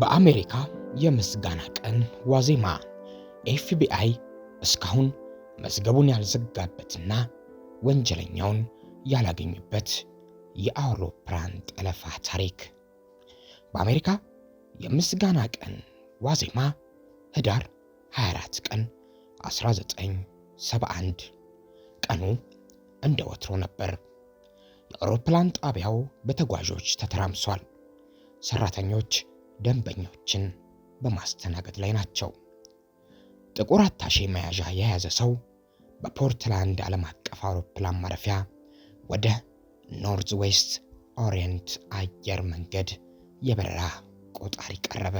በአሜሪካ የምስጋና ቀን ዋዜማ ኤፍቢአይ እስካሁን መዝገቡን ያልዘጋበትና ወንጀለኛውን ያላገኙበት የአውሮፕላን ጠለፋ ታሪክ። በአሜሪካ የምስጋና ቀን ዋዜማ ህዳር 24 ቀን 1971 ቀኑ እንደ ወትሮ ነበር። የአውሮፕላን ጣቢያው በተጓዦች ተተራምሷል። ሰራተኞች ደንበኞችን በማስተናገድ ላይ ናቸው። ጥቁር አታሼ መያዣ የያዘ ሰው በፖርትላንድ ዓለም አቀፍ አውሮፕላን ማረፊያ ወደ ኖርዝ ዌስት ኦሪየንት አየር መንገድ የበረራ ቆጣሪ ቀረበ።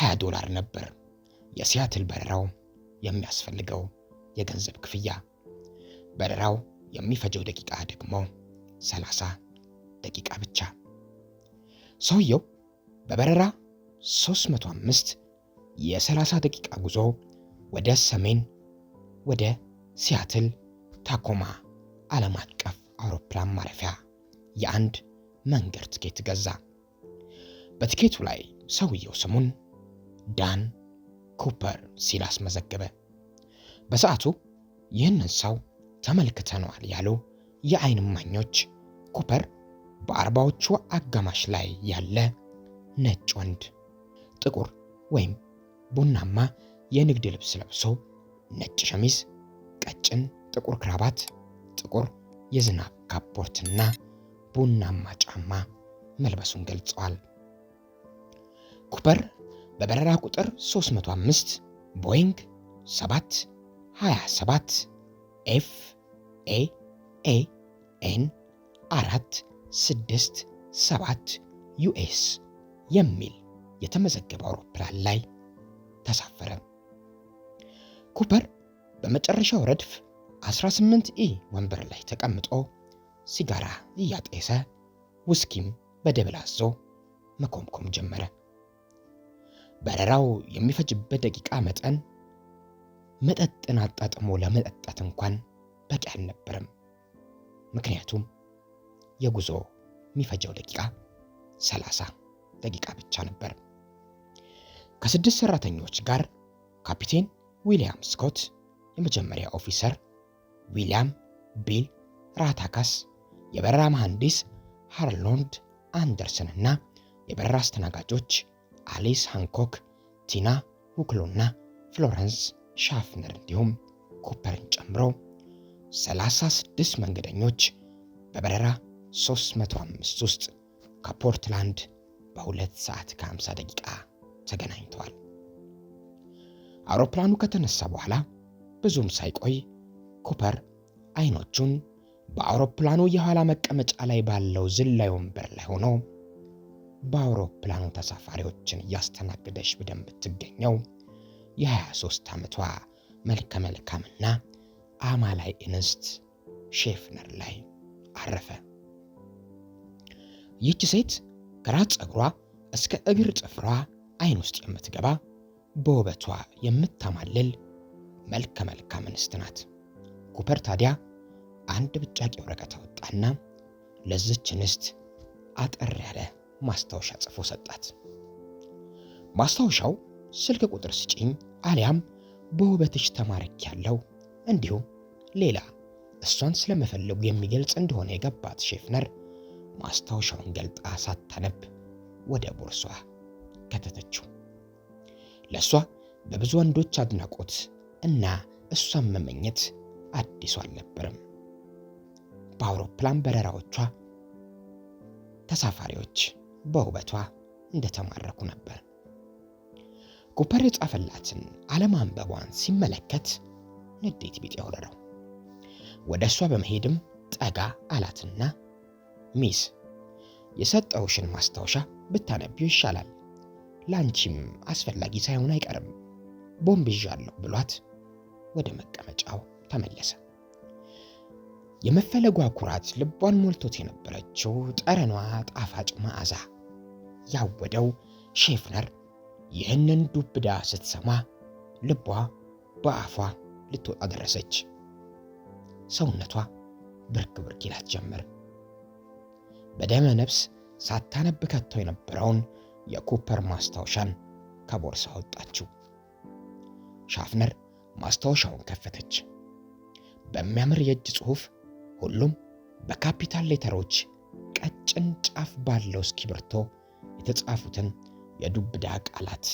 20 ዶላር ነበር የሲያትል በረራው የሚያስፈልገው የገንዘብ ክፍያ። በረራው የሚፈጀው ደቂቃ ደግሞ 30 ደቂቃ ብቻ። ሰውየው በበረራ 305 የ30 ደቂቃ ጉዞ ወደ ሰሜን ወደ ሲያትል ታኮማ ዓለም አቀፍ አውሮፕላን ማረፊያ የአንድ መንገድ ትኬት ገዛ። በትኬቱ ላይ ሰውየው ስሙን ዳን ኩፐር ሲል አስመዘገበ። በሰዓቱ ይህንን ሰው ተመልክተነዋል ያሉ የዓይን እማኞች ኩፐር በአርባዎቹ አጋማሽ ላይ ያለ ነጭ ወንድ ጥቁር ወይም ቡናማ የንግድ ልብስ ለብሶ ነጭ ሸሚዝ፣ ቀጭን ጥቁር ክራባት፣ ጥቁር የዝናብ ካፖርትና ቡናማ ጫማ መልበሱን ገልጸዋል። ኩፐር በበረራ ቁጥር 35 ቦይንግ 7 27 ኤፍ ኤ ኤ 4 6 7 ዩኤስ የሚል የተመዘገበ አውሮፕላን ላይ ተሳፈረ። ኩፐር በመጨረሻው ረድፍ 18 ኢ ወንበር ላይ ተቀምጦ ሲጋራ እያጤሰ ውስኪም በደብል አዞ መኮምኮም ጀመረ። በረራው የሚፈጅበት ደቂቃ መጠን መጠጥን አጣጥሞ ለመጠጣት እንኳን በቂ አልነበረም። ምክንያቱም የጉዞ የሚፈጀው ደቂቃ 30 ደቂቃ ብቻ ነበር። ከስድስት ሰራተኞች ጋር ካፒቴን ዊሊያም ስኮት፣ የመጀመሪያ ኦፊሰር ዊሊያም ቢል ራታካስ፣ የበረራ መሐንዲስ ሃርሎንድ አንደርሰን እና የበረራ አስተናጋጆች አሊስ ሃንኮክ፣ ቲና ውክሎና ፍሎረንስ ሻፍነር እንዲሁም ኩፐርን ጨምሮ 36 መንገደኞች በበረራ 305 ውስጥ ከፖርትላንድ በሁለት ሰዓት ከ50 ደቂቃ ተገናኝተዋል። አውሮፕላኑ ከተነሳ በኋላ ብዙም ሳይቆይ ኩፐር አይኖቹን በአውሮፕላኑ የኋላ መቀመጫ ላይ ባለው ዝላይ ወንበር ላይ ሆኖ በአውሮፕላኑ ተሳፋሪዎችን እያስተናገደች ትገኘው የ23 ዓመቷ መልከ መልካምና አማላይ እንስት ሼፍነር ላይ አረፈ። ይህች ሴት በራስ ፀጉሯ እስከ እግር ጥፍሯ አይን ውስጥ የምትገባ በውበቷ የምታማልል መልከ መልካም እንስት ናት። ኩፐር ታዲያ አንድ ብጫቂ ወረቀት አወጣና ለዝች እንስት አጠር ያለ ማስታወሻ ጽፎ ሰጣት። ማስታወሻው ስልክ ቁጥር ስጪኝ አሊያም በውበትሽ ተማረክ ያለው እንዲሁም ሌላ እሷን ስለመፈለጉ የሚገልጽ እንደሆነ የገባት ሼፍነር ማስታወሻውን ገልጣ ሳታነብ ወደ ቦርሷ ከተተችው። ለእሷ በብዙ ወንዶች አድናቆት እና እሷን መመኘት አዲሱ አልነበርም። በአውሮፕላን በረራዎቿ ተሳፋሪዎች በውበቷ እንደተማረኩ ነበር። ኩፐር የጻፈላትን አለማንበቧን ሲመለከት ንዴት ቢጤ ወረረው። ወደ እሷ በመሄድም ጠጋ አላትና ሚስ የሰጠውሽን ማስታወሻ ብታነቢው ይሻላል፣ ላንቺም አስፈላጊ ሳይሆን አይቀርም ቦምብዣለሁ ብሏት ወደ መቀመጫው ተመለሰ። የመፈለጓ ኩራት ልቧን ሞልቶት የነበረችው ጠረኗ ጣፋጭ መዓዛ ያወደው ሼፍነር ይህንን ዱብዳ ስትሰማ ልቧ በአፏ ልትወጣ ደረሰች። ሰውነቷ ብርክ ብርክ ይላት ጀመር። በደመ ነፍስ ሳታነብ ከተው የነበረውን የኩፐር ማስታወሻን ከቦርሳ አወጣችው። ሻፍነር ማስታወሻውን ከፈተች። በሚያምር የእጅ ጽሑፍ ሁሉም በካፒታል ሌተሮች ቀጭን ጫፍ ባለው እስክሪብቶ የተጻፉትን የዱብዳ ቃላት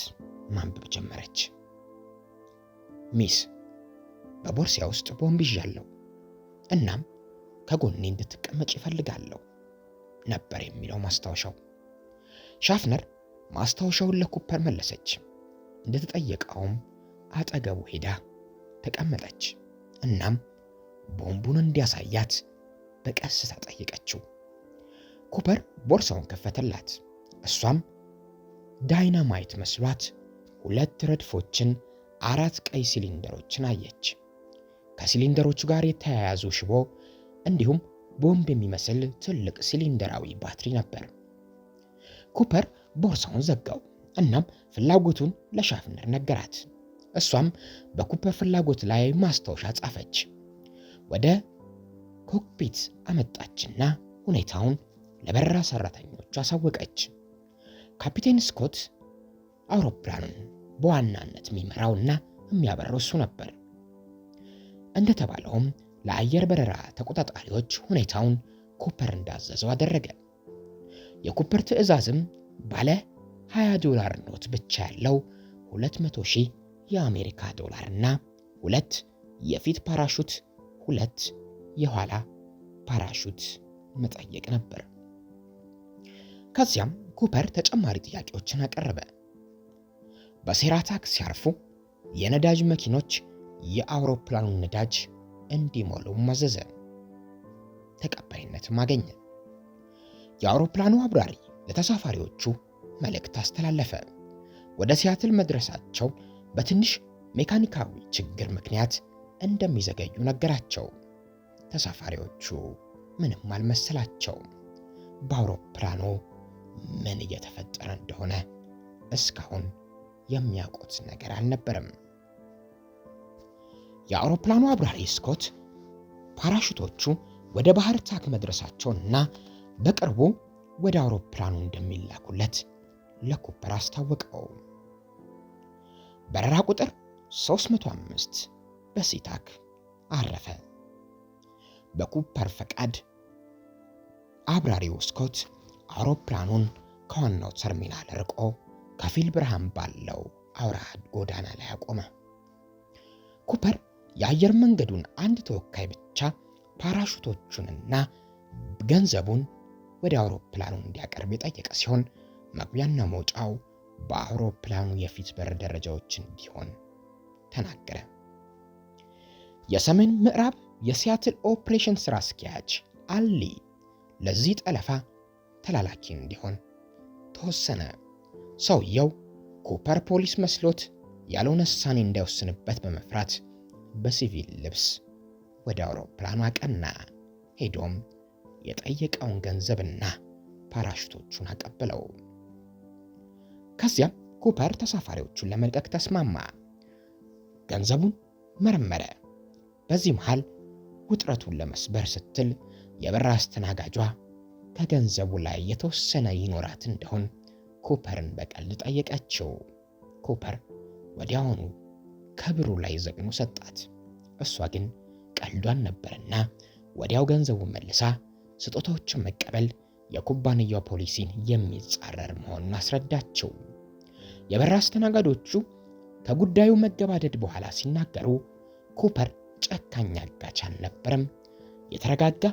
ማንበብ ጀመረች። ሚስ፣ በቦርሲያ ውስጥ ቦምብ ይዣለሁ፣ እናም ከጎኔ እንድትቀመጭ ይፈልጋለሁ። ነበር የሚለው ማስታወሻው። ሻፍነር ማስታወሻውን ለኩፐር መለሰች። እንደተጠየቀውም አጠገቡ ሄዳ ተቀመጠች። እናም ቦምቡን እንዲያሳያት በቀስታ ጠየቀችው። ኩፐር ቦርሳውን ከፈተላት። እሷም ዳይናማይት መስሏት ሁለት ረድፎችን አራት ቀይ ሲሊንደሮችን አየች። ከሲሊንደሮቹ ጋር የተያያዙ ሽቦ እንዲሁም ቦምብ የሚመስል ትልቅ ሲሊንደራዊ ባትሪ ነበር። ኩፐር ቦርሳውን ዘጋው፣ እናም ፍላጎቱን ለሻፍነር ነገራት። እሷም በኩፐር ፍላጎት ላይ ማስታወሻ ጻፈች፣ ወደ ኮክፒት አመጣችና ሁኔታውን ለበረራ ሰራተኞቹ አሳወቀች። ካፒቴን ስኮት አውሮፕላኑን በዋናነት የሚመራውና የሚያበረው እሱ ነበር። እንደተባለውም ለአየር በረራ ተቆጣጣሪዎች ሁኔታውን ኩፐር እንዳዘዘው አደረገ። የኩፐር ትዕዛዝም ባለ 20 ዶላር ኖት ብቻ ያለው 200 ሺህ የአሜሪካ ዶላር እና ሁለት የፊት ፓራሹት፣ ሁለት የኋላ ፓራሹት መጠየቅ ነበር። ከዚያም ኩፐር ተጨማሪ ጥያቄዎችን አቀረበ። በሴራታክ ሲያርፉ የነዳጅ መኪኖች የአውሮፕላኑን ነዳጅ እንዲሞሉም አዘዘ። ተቀባይነትም አገኘ። የአውሮፕላኑ አብራሪ ለተሳፋሪዎቹ መልእክት አስተላለፈ። ወደ ሲያትል መድረሳቸው በትንሽ ሜካኒካዊ ችግር ምክንያት እንደሚዘገዩ ነገራቸው። ተሳፋሪዎቹ ምንም አልመሰላቸው? በአውሮፕላኑ ምን እየተፈጠረ እንደሆነ እስካሁን የሚያውቁት ነገር አልነበረም። የአውሮፕላኑ አብራሪ ስኮት ፓራሹቶቹ ወደ ባህር ታክ መድረሳቸውንና በቅርቡ ወደ አውሮፕላኑ እንደሚላኩለት ለኩፐር አስታወቀው። በረራ ቁጥር 305 በሲታክ አረፈ። በኩፐር ፈቃድ አብራሪው ስኮት አውሮፕላኑን ከዋናው ተርሚናል ርቆ ከፊል ብርሃን ባለው አውራ ጎዳና ላይ አቆመ። ኩፐር የአየር መንገዱን አንድ ተወካይ ብቻ ፓራሹቶቹንና ገንዘቡን ወደ አውሮፕላኑ እንዲያቀርብ የጠየቀ ሲሆን መግቢያና መውጫው በአውሮፕላኑ የፊት በር ደረጃዎች እንዲሆን ተናገረ። የሰሜን ምዕራብ የሲያትል ኦፕሬሽን ስራ አስኪያጅ አሊ ለዚህ ጠለፋ ተላላኪ እንዲሆን ተወሰነ። ሰውየው ኩፐር ፖሊስ መስሎት ያልሆነ ውሳኔ እንዳይወስንበት በመፍራት በሲቪል ልብስ ወደ አውሮፕላኑ አቀና። ሄዶም የጠየቀውን ገንዘብና ፓራሽቶቹን አቀበለው። ከዚያም ኩፐር ተሳፋሪዎቹን ለመልቀቅ ተስማማ። ገንዘቡን መረመረ። በዚህ መሃል ውጥረቱን ለመስበር ስትል የበራ አስተናጋጇ ከገንዘቡ ላይ የተወሰነ ይኖራት እንደሆን ኩፐርን በቀል ጠየቀችው። ኩፐር ወዲያውኑ ከብሩ ላይ ዘቅሞ ሰጣት። እሷ ግን ቀልዷን ነበርና ወዲያው ገንዘቡን መልሳ ስጦታዎችን መቀበል የኩባንያው ፖሊሲን የሚጻረር መሆኑን አስረዳቸው። የበራ አስተናጋዶቹ ከጉዳዩ መገባደድ በኋላ ሲናገሩ ኩፐር ጨካኝ አጋች አልነበረም። የተረጋጋ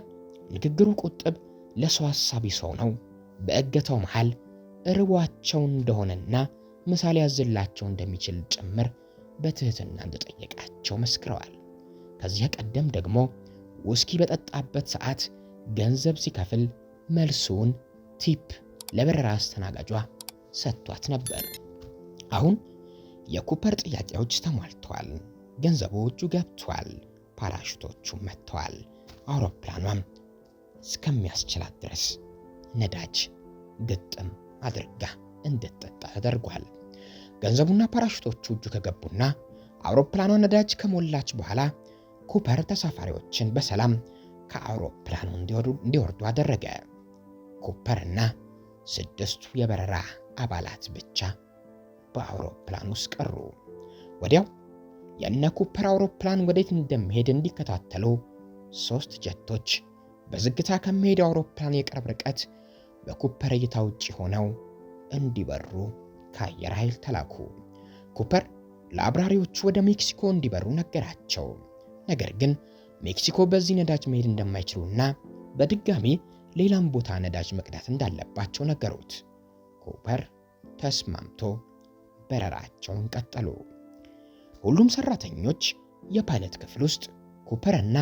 ንግግሩ ቁጥብ፣ ለሰው ሐሳቢ ሰው ነው። በእገታው መሃል እርቧቸው እንደሆነና ምሳሌ ያዝላቸው እንደሚችል ጭምር በትህትና እንደጠየቃቸው መስክረዋል። ከዚያ ቀደም ደግሞ ውስኪ በጠጣበት ሰዓት ገንዘብ ሲከፍል መልሱን ቲፕ ለበረራ አስተናጋጇ ሰጥቷት ነበር። አሁን የኩፐር ጥያቄዎች ተሟልተዋል። ገንዘቦቹ ገብቷል። ፓራሹቶቹም መጥተዋል። አውሮፕላኗም እስከሚያስችላት ድረስ ነዳጅ ግጥም አድርጋ እንድትጠጣ ተደርጓል። ገንዘቡና ፓራሹቶቹ እጁ ከገቡና አውሮፕላኗ ነዳጅ ከሞላች በኋላ ኩፐር ተሳፋሪዎችን በሰላም ከአውሮፕላኑ እንዲወርዱ አደረገ። ኩፐርና ስድስቱ የበረራ አባላት ብቻ በአውሮፕላን ውስጥ ቀሩ። ወዲያው የእነ ኩፐር አውሮፕላን ወዴት እንደሚሄድ እንዲከታተሉ ሶስት ጀቶች በዝግታ ከሚሄደው አውሮፕላን የቅርብ ርቀት በኩፐር እይታ ውጪ ሆነው እንዲበሩ ከአየር ኃይል ተላኩ። ኩፐር ለአብራሪዎቹ ወደ ሜክሲኮ እንዲበሩ ነገራቸው። ነገር ግን ሜክሲኮ በዚህ ነዳጅ መሄድ እንደማይችሉና በድጋሚ ሌላም ቦታ ነዳጅ መቅዳት እንዳለባቸው ነገሩት። ኩፐር ተስማምቶ በረራቸውን ቀጠሉ። ሁሉም ሰራተኞች የፓይለት ክፍል ውስጥ ኩፐርና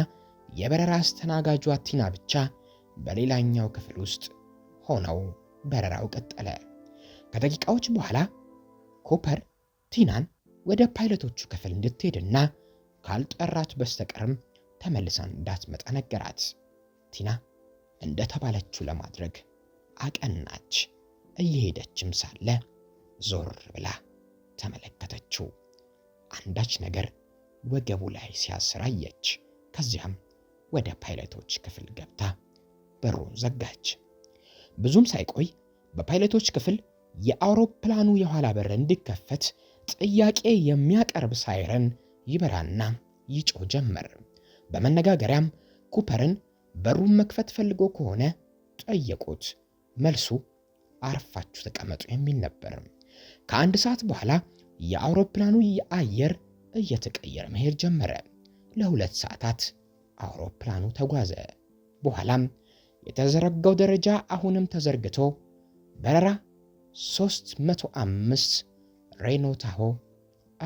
የበረራ አስተናጋጇ ቲና ብቻ በሌላኛው ክፍል ውስጥ ሆነው በረራው ቀጠለ። ከደቂቃዎች በኋላ ኮፐር ቲናን ወደ ፓይለቶቹ ክፍል እንድትሄድና ካልጠራት በስተቀርም ተመልሳ እንዳትመጣ ነገራት። ቲና እንደተባለችው ለማድረግ አቀናች። እየሄደችም ሳለ ዞር ብላ ተመለከተችው። አንዳች ነገር ወገቡ ላይ ሲያስራየች፣ ከዚያም ወደ ፓይለቶች ክፍል ገብታ በሩን ዘጋች። ብዙም ሳይቆይ በፓይለቶች ክፍል የአውሮፕላኑ የኋላ በር እንዲከፈት ጥያቄ የሚያቀርብ ሳይረን ይበራና ይጮ ጀመር። በመነጋገሪያም ኩፐርን በሩን መክፈት ፈልጎ ከሆነ ጠየቁት። መልሱ አርፋችሁ ተቀመጡ የሚል ነበር። ከአንድ ሰዓት በኋላ የአውሮፕላኑ የአየር እየተቀየረ መሄድ ጀመረ። ለሁለት ሰዓታት አውሮፕላኑ ተጓዘ። በኋላም የተዘረጋው ደረጃ አሁንም ተዘርግቶ በረራ 305 ሬኖ ታሆ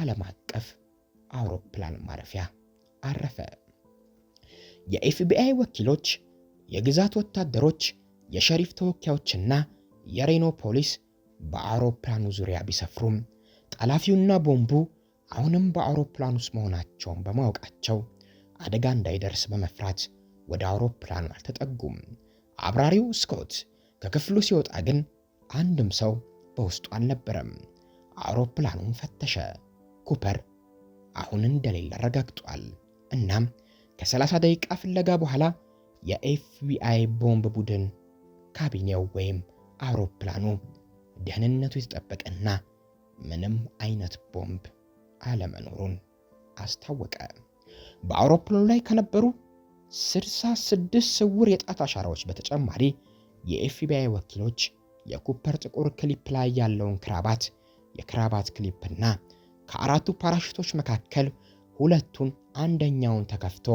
ዓለም አቀፍ አውሮፕላን ማረፊያ አረፈ። የኤፍቢአይ ወኪሎች፣ የግዛት ወታደሮች፣ የሸሪፍ ተወካዮችና የሬኖ ፖሊስ በአውሮፕላኑ ዙሪያ ቢሰፍሩም ጠላፊውና ቦምቡ አሁንም በአውሮፕላን ውስጥ መሆናቸውን በማወቃቸው አደጋ እንዳይደርስ በመፍራት ወደ አውሮፕላኑ አልተጠጉም። አብራሪው ስኮት ከክፍሉ ሲወጣ ግን አንድም ሰው በውስጡ አልነበረም። አውሮፕላኑን ፈተሸ። ኩፐር አሁን እንደሌለ አረጋግጧል። እናም ከ30 ደቂቃ ፍለጋ በኋላ የኤፍቢአይ ቦምብ ቡድን ካቢኔው ወይም አውሮፕላኑ ደህንነቱ የተጠበቀና ምንም አይነት ቦምብ አለመኖሩን አስታወቀ። በአውሮፕላኑ ላይ ከነበሩ 66 ስውር የጣት አሻራዎች በተጨማሪ የኤፍቢአይ ወኪሎች የኩፐር ጥቁር ክሊፕ ላይ ያለውን ክራባት፣ የክራባት ክሊፕና ከአራቱ ፓራሽቶች መካከል ሁለቱን አንደኛውን ተከፍቶ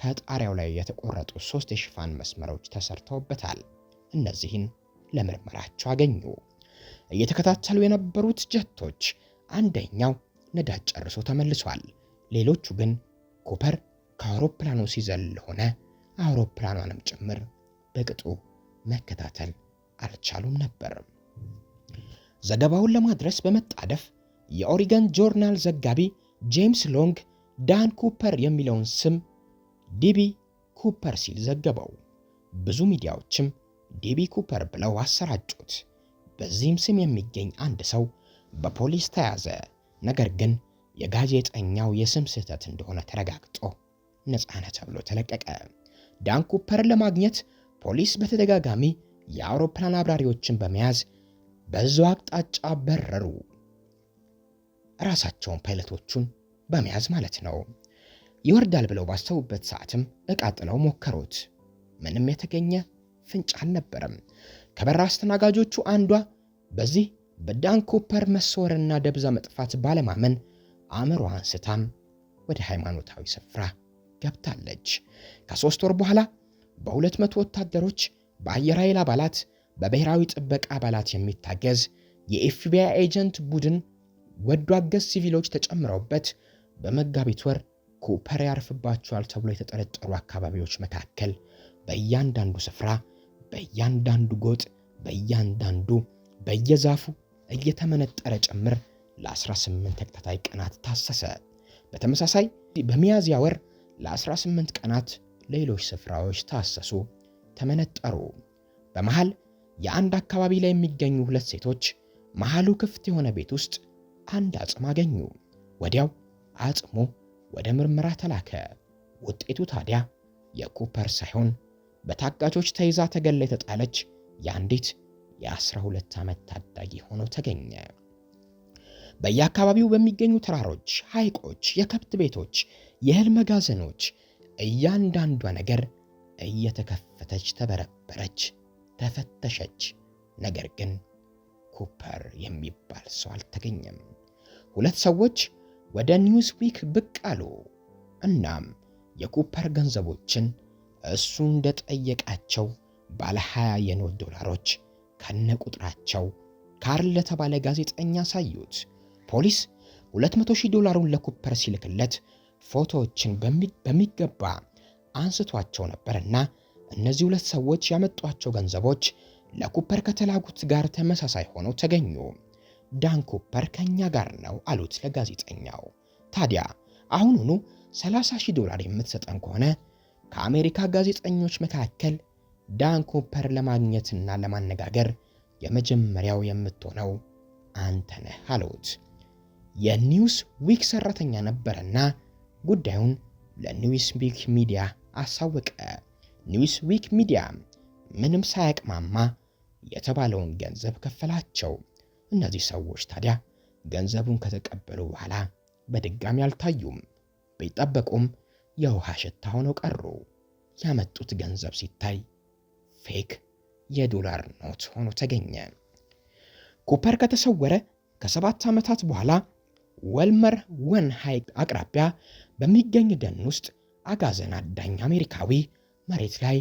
ከጣሪያው ላይ የተቆረጡ ሶስት የሽፋን መስመሮች ተሰርተውበታል። እነዚህን ለምርመራቸው አገኙ። እየተከታተሉ የነበሩት ጀቶች አንደኛው ነዳጅ ጨርሶ ተመልሷል። ሌሎቹ ግን ኩፐር ከአውሮፕላኑ ሲዘል ሆነ አውሮፕላኗንም ጭምር በቅጡ መከታተል አልቻሉም ነበር። ዘገባውን ለማድረስ በመጣደፍ የኦሪገን ጆርናል ዘጋቢ ጄምስ ሎንግ ዳን ኩፐር የሚለውን ስም ዲቢ ኩፐር ሲል ዘገበው። ብዙ ሚዲያዎችም ዲቢ ኩፐር ብለው አሰራጩት። በዚህም ስም የሚገኝ አንድ ሰው በፖሊስ ተያዘ። ነገር ግን የጋዜጠኛው የስም ስህተት እንደሆነ ተረጋግጦ ነፃነ ተብሎ ተለቀቀ። ዳን ኩፐርን ለማግኘት ፖሊስ በተደጋጋሚ የአውሮፕላን አብራሪዎችን በመያዝ በዛው አቅጣጫ በረሩ። ራሳቸውን ፓይለቶቹን በመያዝ ማለት ነው። ይወርዳል ብለው ባሰቡበት ሰዓትም እቃ ጥለው ሞከሩት። ምንም የተገኘ ፍንጭ አልነበረም። ከበራ አስተናጋጆቹ አንዷ በዚህ በዳንኮፐር መሰወርና ደብዛ መጥፋት ባለማመን አእምሮ አንስታም ወደ ሃይማኖታዊ ስፍራ ገብታለች። ከሦስት ወር በኋላ በሁለት መቶ ወታደሮች በአየር ኃይል አባላት፣ በብሔራዊ ጥበቃ አባላት የሚታገዝ የኤፍቢአይ ኤጀንት ቡድን ወዶ አገዝ ሲቪሎች ተጨምረውበት በመጋቢት ወር ኩፐር ያርፍባቸዋል ተብሎ የተጠረጠሩ አካባቢዎች መካከል በእያንዳንዱ ስፍራ፣ በእያንዳንዱ ጎጥ፣ በእያንዳንዱ በየዛፉ እየተመነጠረ ጭምር ለ18 ተከታታይ ቀናት ታሰሰ። በተመሳሳይ በሚያዝያ ወር ለ18 ቀናት ሌሎች ስፍራዎች ታሰሱ። ተመነጠሩ። በመሃል የአንድ አካባቢ ላይ የሚገኙ ሁለት ሴቶች መሃሉ ክፍት የሆነ ቤት ውስጥ አንድ አጽም አገኙ። ወዲያው አጽሙ ወደ ምርመራ ተላከ። ውጤቱ ታዲያ የኩፐር ሳይሆን በታጋቾች ተይዛ ተገላ የተጣለች የአንዲት የ12 ዓመት ታዳጊ ሆኖ ተገኘ። በየአካባቢው በሚገኙ ተራሮች፣ ሐይቆች፣ የከብት ቤቶች፣ የእህል መጋዘኖች እያንዳንዷ ነገር እየተከፈተች ተበረበረች፣ ተፈተሸች። ነገር ግን ኩፐር የሚባል ሰው አልተገኘም። ሁለት ሰዎች ወደ ኒውስዊክ ብቅ አሉ። እናም የኩፐር ገንዘቦችን እሱ እንደጠየቃቸው ባለ 20 የኖት ዶላሮች ከነ ቁጥራቸው ካርል ለተባለ ጋዜጠኛ ሳዩት። ፖሊስ 200000 ዶላሩን ለኩፐር ሲልክለት ፎቶዎችን በሚገባ አንስቷቸው ነበርና እነዚህ ሁለት ሰዎች ያመጧቸው ገንዘቦች ለኩፐር ከተላኩት ጋር ተመሳሳይ ሆነው ተገኙ። ዳን ኩፐር ከእኛ ጋር ነው አሉት ለጋዜጠኛው። ታዲያ አሁኑኑ 30 ሺህ ዶላር የምትሰጠን ከሆነ ከአሜሪካ ጋዜጠኞች መካከል ዳን ኩፐር ለማግኘትና ለማነጋገር የመጀመሪያው የምትሆነው አንተ ነህ አሉት። የኒውስ ዊክ ሰራተኛ ነበረና ጉዳዩን ለኒውስ ዊክ ሚዲያ አሳወቀ። ኒውስ ዊክ ሚዲያ ምንም ሳያቅማማ የተባለውን ገንዘብ ከፈላቸው። እነዚህ ሰዎች ታዲያ ገንዘቡን ከተቀበሉ በኋላ በድጋሚ አልታዩም። ቢጠበቁም የውሃ ሽታ ሆነው ቀሩ። ያመጡት ገንዘብ ሲታይ ፌክ የዶላር ኖት ሆኖ ተገኘ። ኩፐር ከተሰወረ ከሰባት ዓመታት በኋላ ወልመር ወን ሐይቅ አቅራቢያ በሚገኝ ደን ውስጥ አጋዘን አዳኝ አሜሪካዊ መሬት ላይ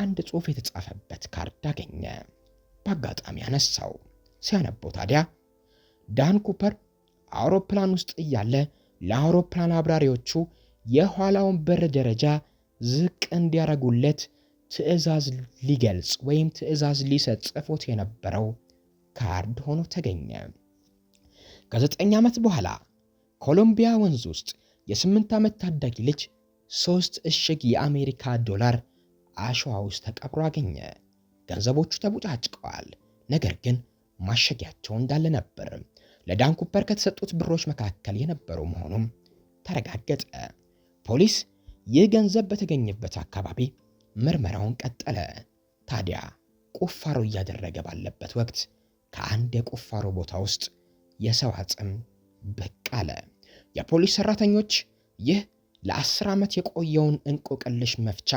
አንድ ጽሑፍ የተጻፈበት ካርድ አገኘ። በአጋጣሚ አነሳው። ሲያነበው ታዲያ ዳን ኩፐር አውሮፕላን ውስጥ እያለ ለአውሮፕላን አብራሪዎቹ የኋላውን በር ደረጃ ዝቅ እንዲያደርጉለት ትዕዛዝ ሊገልጽ ወይም ትዕዛዝ ሊሰጥ ጽፎት የነበረው ካርድ ሆኖ ተገኘ። ከዘጠኝ ዓመት በኋላ ኮሎምቢያ ወንዝ ውስጥ የስምንት ዓመት ታዳጊ ልጅ ሶስት እሽግ የአሜሪካ ዶላር አሸዋ ውስጥ ተቀብሮ አገኘ። ገንዘቦቹ ተቡጫጭቀዋል። ነገር ግን ማሸጊያቸው እንዳለ ነበር። ለዳን ኩፐር ከተሰጡት ብሮች መካከል የነበሩ መሆኑም ተረጋገጠ። ፖሊስ ይህ ገንዘብ በተገኘበት አካባቢ ምርመራውን ቀጠለ። ታዲያ ቁፋሮ እያደረገ ባለበት ወቅት ከአንድ የቁፋሮ ቦታ ውስጥ የሰው አጽም ብቅ አለ። የፖሊስ ሰራተኞች ይህ ለአስር ዓመት የቆየውን እንቆቅልሽ መፍቻ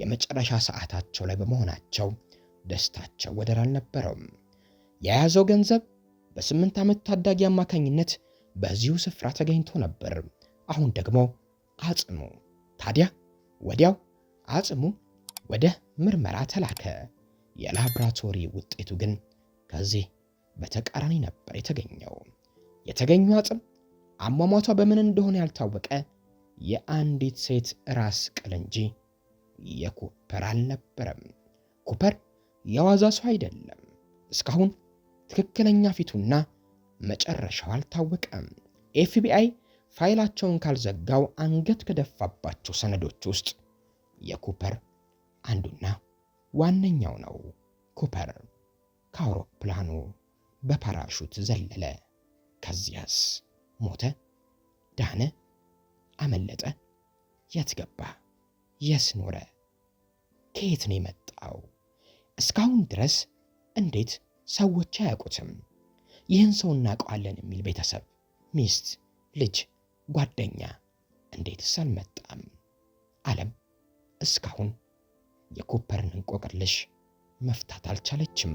የመጨረሻ ሰዓታቸው ላይ በመሆናቸው ደስታቸው ወደር አልነበረውም። የያዘው ገንዘብ በስምንት ዓመት ታዳጊ አማካኝነት በዚሁ ስፍራ ተገኝቶ ነበር። አሁን ደግሞ አጽሙ ታዲያ ወዲያው አጽሙ ወደ ምርመራ ተላከ። የላብራቶሪ ውጤቱ ግን ከዚህ በተቃራኒ ነበር የተገኘው። የተገኘው አጽም አሟሟቷ በምን እንደሆነ ያልታወቀ የአንዲት ሴት ራስ ቅል እንጂ የኩፐር አልነበረም። ኩፐር የዋዛ ሰው አይደለም። እስካሁን ትክክለኛ ፊቱና መጨረሻው አልታወቀም። ኤፍቢአይ ፋይላቸውን ካልዘጋው አንገት ከደፋባቸው ሰነዶች ውስጥ የኩፐር አንዱና ዋነኛው ነው። ኩፐር ከአውሮፕላኑ በፓራሹት ዘለለ። ከዚያስ ሞተ፣ ዳነ አመለጠ? የት ገባ? የስ ኖረ? ከየት ነው የመጣው? እስካሁን ድረስ እንዴት ሰዎች አያውቁትም? ይህን ሰው እናውቀዋለን የሚል ቤተሰብ፣ ሚስት፣ ልጅ፣ ጓደኛ እንዴትስ አልመጣም? ዓለም እስካሁን የኮፐርን እንቆቅልሽ መፍታት አልቻለችም።